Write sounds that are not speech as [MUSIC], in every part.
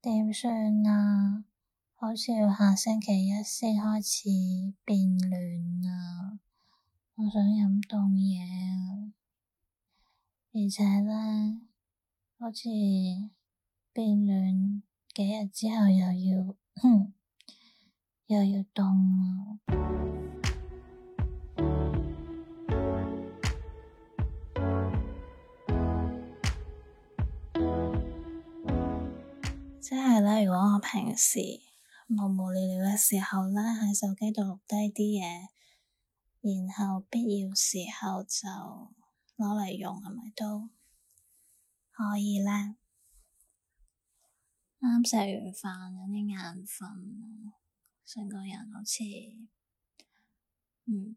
點算啊？好似要下星期一先開始變暖啊！我想飲凍嘢，啊，而且咧，好似變暖幾日之後又要，哼，又要凍啊。即係咧，如果我平時無無聊聊嘅時候啦，喺手機度錄低啲嘢，然後必要時候就攞嚟用，係咪都可以咧？啱食完飯有啲眼瞓，成個人好似嗯，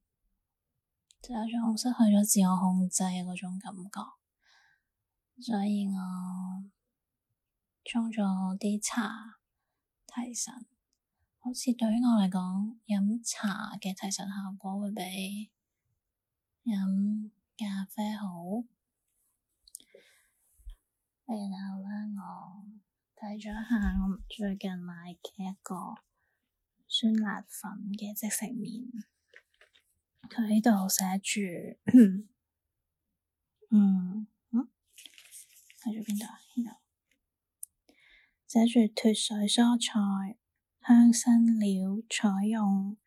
就有一種失去咗自我控制嘅嗰種感覺，所以我。裝咗啲茶提神，好似對於我嚟講，飲茶嘅提神效果會比飲咖啡好。然後咧，我睇咗下我最近買嘅一個酸辣粉嘅即食麵，佢呢度寫住， [COUGHS] 嗯，嗯，喺咗邊度？呢 [COUGHS] 度？寫住脫水蔬菜、香辛料，採用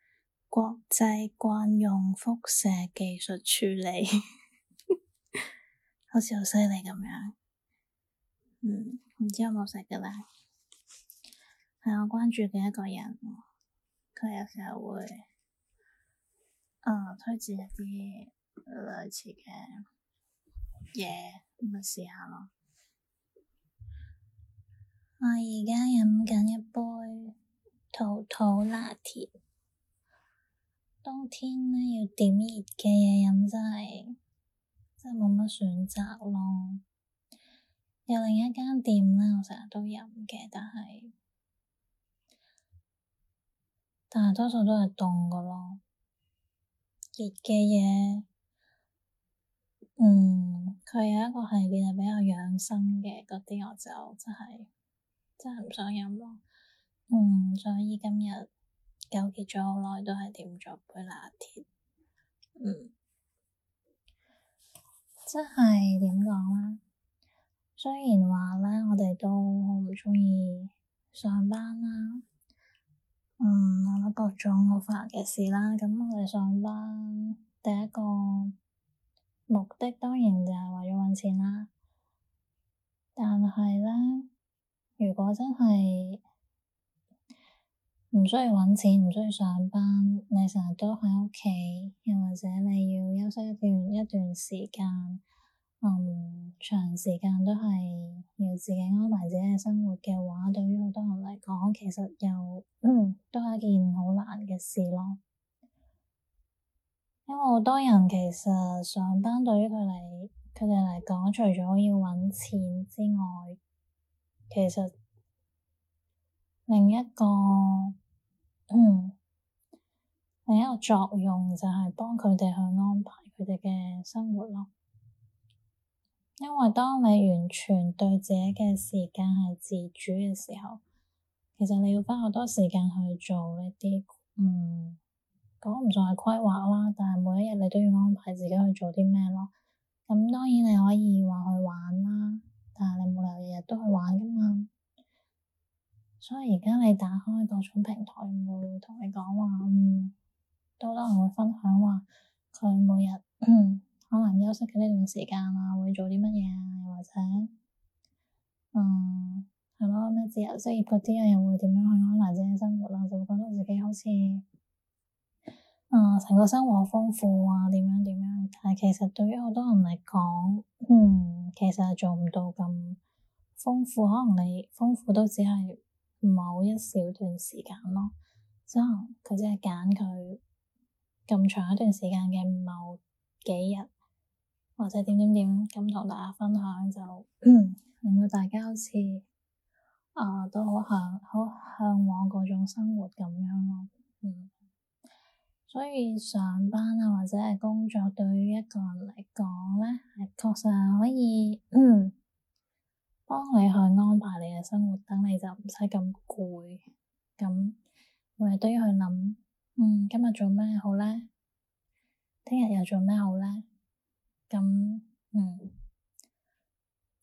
國際慣用輻射技術處理， [LAUGHS] 好似好犀利咁樣。嗯，唔知有冇食嘅啦？係我關注嘅一個人，佢有時候會，誒、啊，推薦一啲類似嘅嘢咁，咪試下咯。我而家飲緊一杯桃桃拿鐵，冬天呢，要點熱嘅嘢飲，真係真係冇乜選擇咯。有另一間店呢，我成日都飲嘅，但係但係多數都係凍㗎咯。熱嘅嘢，嗯，佢有一個系列係比較養生嘅，嗰啲我就真係。真係唔想飲咯，啊，嗯，所以今日糾結咗好耐，都係點咗杯拿鐵。嗯，即係點講啦？雖然話咧，我哋都好唔鍾意上班啦。嗯，我覺得各種好煩嘅事啦，咁我哋上班第一個目的當然就係為咗揾錢啦，但係咧。如果真係唔需要揾錢，唔需要上班，你成日都喺屋企，又或者你要休息一段一段時間，嗯，長時間都係要自己安排自己嘅生活嘅話，對於好多人嚟講，其實又，嗯，都係一件好難嘅事咯。因為好多人其實上班對於佢嚟佢哋嚟講，除咗要揾錢之外。其實另一個，嗯，另一個作用就係幫佢哋去安排佢哋嘅生活咯。因為當你完全對自己嘅時間係自主嘅時候，其實你要花好多時間去做呢啲，嗯，講唔上係規劃啦，但係每一日你都要安排自己去做啲咩咯。所以而家你打開各種平台，會同你講話，嗯，好多，多人都會分享話，佢每日可能休息嘅呢段時間啊，會做啲乜嘢，又或者，嗯，係咯咩自由職業嗰啲啊，又會點樣去安排自己生活啊，就會覺得自己好似，嗯，成個生活好豐富啊，點樣點樣，但係其實對於好多人嚟講，嗯，其實做唔到咁豐富，可能你豐富都只係某一小段時間咯，即係佢只係揀佢咁長一段時間嘅某幾日，或者點點點咁同大家分享，就 [COUGHS] 令到大家好似啊、呃、都好向好向往嗰種生活咁樣咯。嗯，所以上班啊或者係工作對於一個人嚟講咧，係確實係可以嗯。 [COUGHS] 幫你去安排你嘅生活，等你就唔使咁攰。咁每日都要去諗，嗯，今日做咩好咧？聽日又做咩好咧？咁，嗯，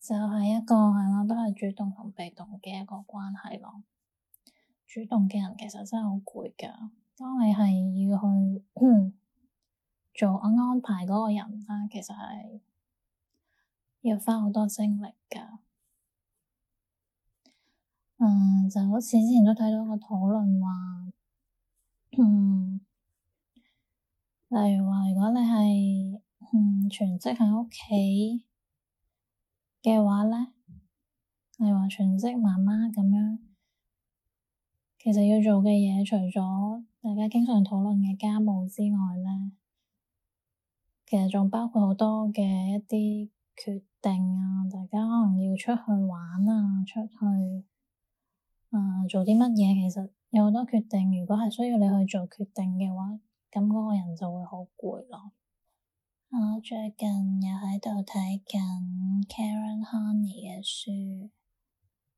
就係一個係咯，都係主動同被動嘅一個關係咯。主動嘅人其實真係好攰噶。當你係要去做安排嗰個人啦，其實係要花好多精力噶。嗯，就好似之前都睇到個討論話，嗯，例如話如果你係嗯全職喺屋企嘅話咧，例如話全職媽媽咁樣，其實要做嘅嘢，除咗大家經常討論嘅家務之外咧，其實仲包括好多嘅一啲決定啊，大家可能要出去玩啊，出去。嗯、做啲乜嘢？其實有好多決定。如果係需要你去做決定嘅話，咁嗰個人就會好攰咯。 [NOISE] 我最近又喺度睇緊 Karen Horney 嘅書。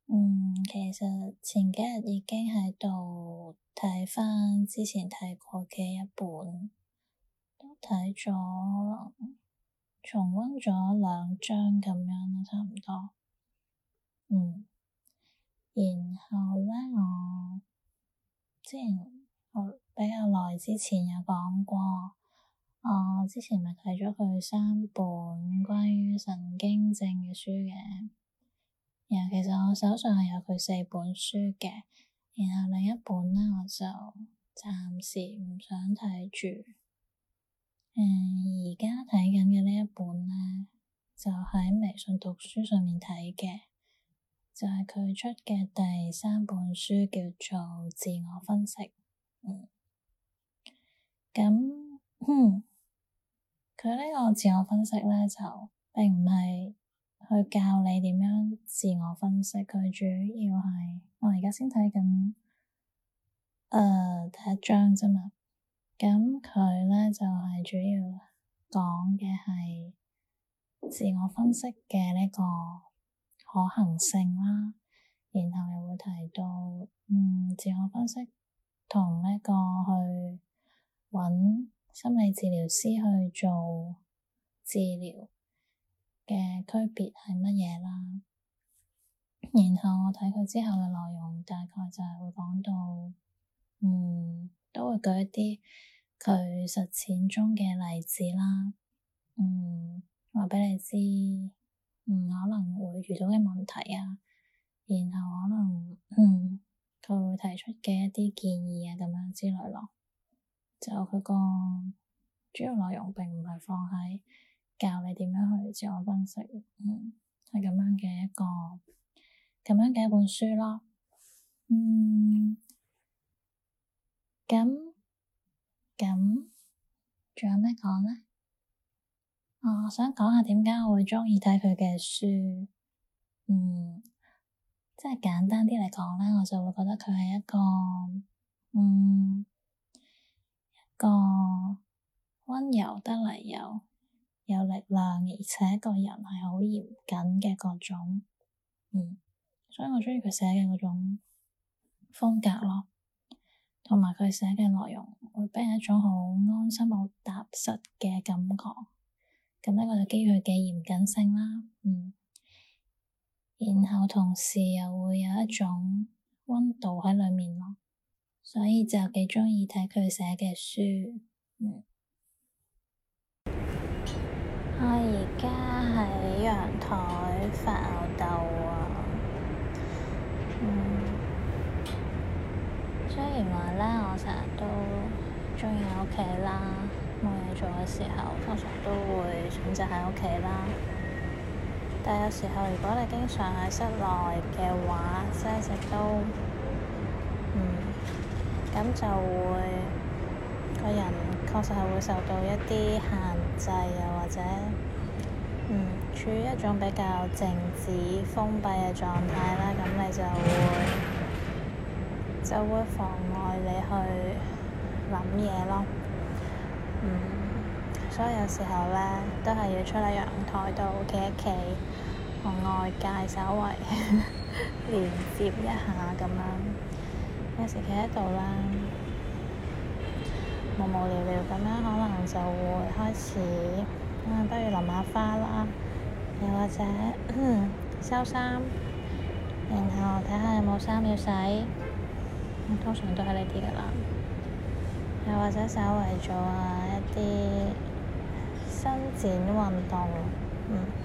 嗯，其實前幾日已經喺度睇翻之前睇過嘅一本，都睇咗，重溫咗兩章咁樣咯，差唔多。嗯。然後咧，我之前我比較耐之前有講過，我之前咪睇咗佢三本關於神經症嘅書嘅。然後其實我手上係有佢四本書嘅，然後另一本咧，我就暫時唔想睇住。誒、嗯,而家睇緊嘅呢一本咧，就喺、是、微信讀書上面睇嘅。就係佢出嘅第三本書叫做自我分析，嗯，咁，佢、嗯、呢個自我分析咧就並唔係去教你點樣自我分析，佢主要係我而家先睇緊，誒、呃，第一章啫嘛，咁佢咧就係、是、主要講嘅係自我分析嘅呢、這個。可行性啦，然後又會提到，嗯，自我分析同呢個去揾心理治療師去做治療嘅區別係乜嘢啦。然後我睇佢之後嘅內容，大概就係會講到，嗯，都會舉一啲佢實踐中嘅例子啦。嗯，話俾你知。嗯，可能會遇到嘅問題啊，然後可能嗯佢會提出嘅一啲建議啊，咁樣之類咯，就佢個主要內容並唔係放喺教你點樣去自我分析，嗯係咁樣嘅一個咁樣嘅一本書咯，嗯，咁咁仲有咩講咧？我、oh, 想講下點解我會鍾意睇佢嘅書，嗯，即係簡單啲嚟講咧，我就會覺得佢係一個，嗯，一個温柔得嚟又有力量，而且一個人係好嚴謹嘅嗰種，嗯，所以我鍾意佢寫嘅嗰種風格咯，同埋佢寫嘅內容會俾人一種好安心、好踏實嘅感覺。咁呢我就基於佢嘅嚴謹性啦，嗯，然後同時又會有一種溫度喺裏面咯，所以就幾鍾意睇佢寫嘅書，嗯。我而家喺陽台發吽豆啊，嗯，雖然話咧，我成日都鍾意喺屋企啦。冇嘢做嘅時候，通常都會選擇喺屋企啦。但有時候，如果你經常喺室內嘅話，即係一直都，嗯，咁就會個人確實係會受到一啲限制，又或者，嗯，處於一種比較靜止、封閉嘅狀態啦。咁你就會就會妨礙你去諗嘢咯。嗯，所以有時候咧，都係要出嚟陽台度企一企，同外界稍微 [LAUGHS] 連接一下咁樣。有時企喺度啦，無無聊聊咁樣，可能就會開始啊，嗯，不如淋下花啦，又或者 [COUGHS] 收衫，然後睇下有冇衫要洗，通常都係呢啲㗎喇。又或者稍微做下一啲伸展運動，嗯。